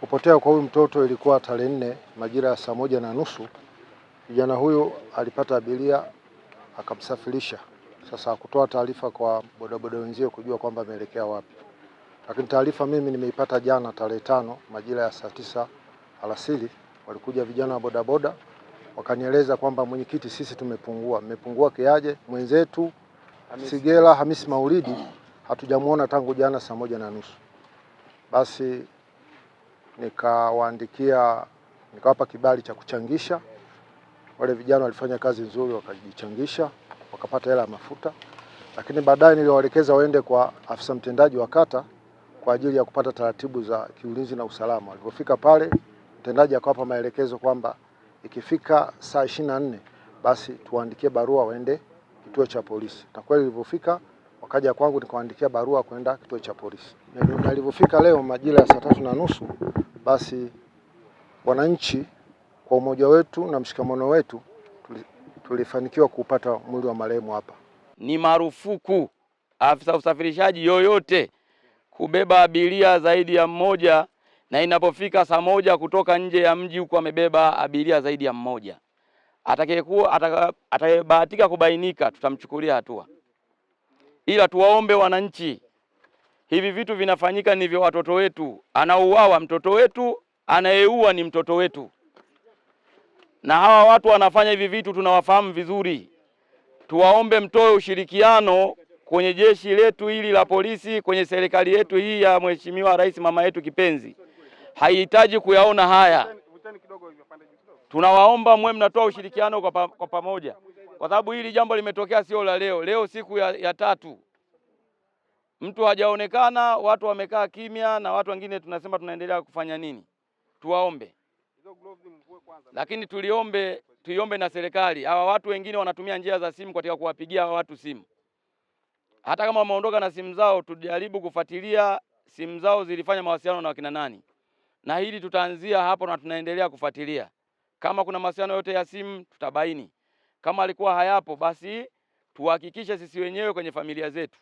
Kupotea kwa huyu mtoto ilikuwa tarehe nne majira ya saa moja na nusu. Kijana huyu alipata abiria akamsafirisha, sasa kutoa taarifa kwa bodaboda wenzio kujua kwamba ameelekea wapi, lakini taarifa mimi nimeipata jana tarehe tano majira ya saa tisa alasiri, walikuja vijana wa bodaboda wakanieleza kwamba mwenyekiti, sisi tumepungua. Mmepungua kiaje? Mwenzetu Sigela Hamisi Maulidi hatujamuona tangu jana saa moja na nusu. Basi nikawaandikia, nikawapa kibali cha kuchangisha. Wale vijana walifanya kazi nzuri, wakajichangisha wakapata hela ya mafuta, lakini baadaye niliwaelekeza waende kwa afisa mtendaji wa kata kwa ajili ya kupata taratibu za kiulinzi na usalama. Walipofika pale, mtendaji akawapa maelekezo kwamba ikifika saa ishirini na nne basi tuwaandikie barua waende kituo cha polisi, na kweli ilivyofika wakaja kwangu nikawaandikia barua kwenda kituo cha polisi. Nilivyofika leo majira ya saa tatu na nusu basi wananchi kwa umoja wetu na mshikamano wetu tulifanikiwa kupata mwili wa marehemu hapa. Ni marufuku afisa usafirishaji yoyote kubeba abiria zaidi ya mmoja, na inapofika saa moja kutoka nje ya mji huko amebeba abiria zaidi ya mmoja, atakayekuwa atakayebahatika kubainika tutamchukulia hatua, ila tuwaombe wananchi hivi vitu vinafanyika ni vya watoto wetu. Anauawa mtoto wetu, anayeua ni mtoto wetu, na hawa watu wanafanya hivi vitu tunawafahamu vizuri. Tuwaombe mtoe ushirikiano kwenye jeshi letu hili la polisi, kwenye serikali yetu hii ya Mheshimiwa Rais mama yetu kipenzi, haihitaji kuyaona haya. Tunawaomba mwe mnatoa ushirikiano kwa pamoja, kwa sababu hili jambo limetokea sio la leo. Leo siku ya, ya tatu mtu hajaonekana, watu wamekaa kimya, na watu wengine tunasema tunaendelea kufanya nini? Tuwaombe, lakini tuliombe, tuiombe na serikali. Hawa watu wengine wanatumia njia za simu katika kuwapigia hawa watu simu, hata kama wameondoka na simu zao, tujaribu kufuatilia simu zao zilifanya mawasiliano na wakina nani, na hili tutaanzia hapo na tunaendelea kufuatilia. Kama kuna mawasiliano yote ya simu tutabaini, kama alikuwa hayapo, basi tuhakikishe sisi wenyewe kwenye familia zetu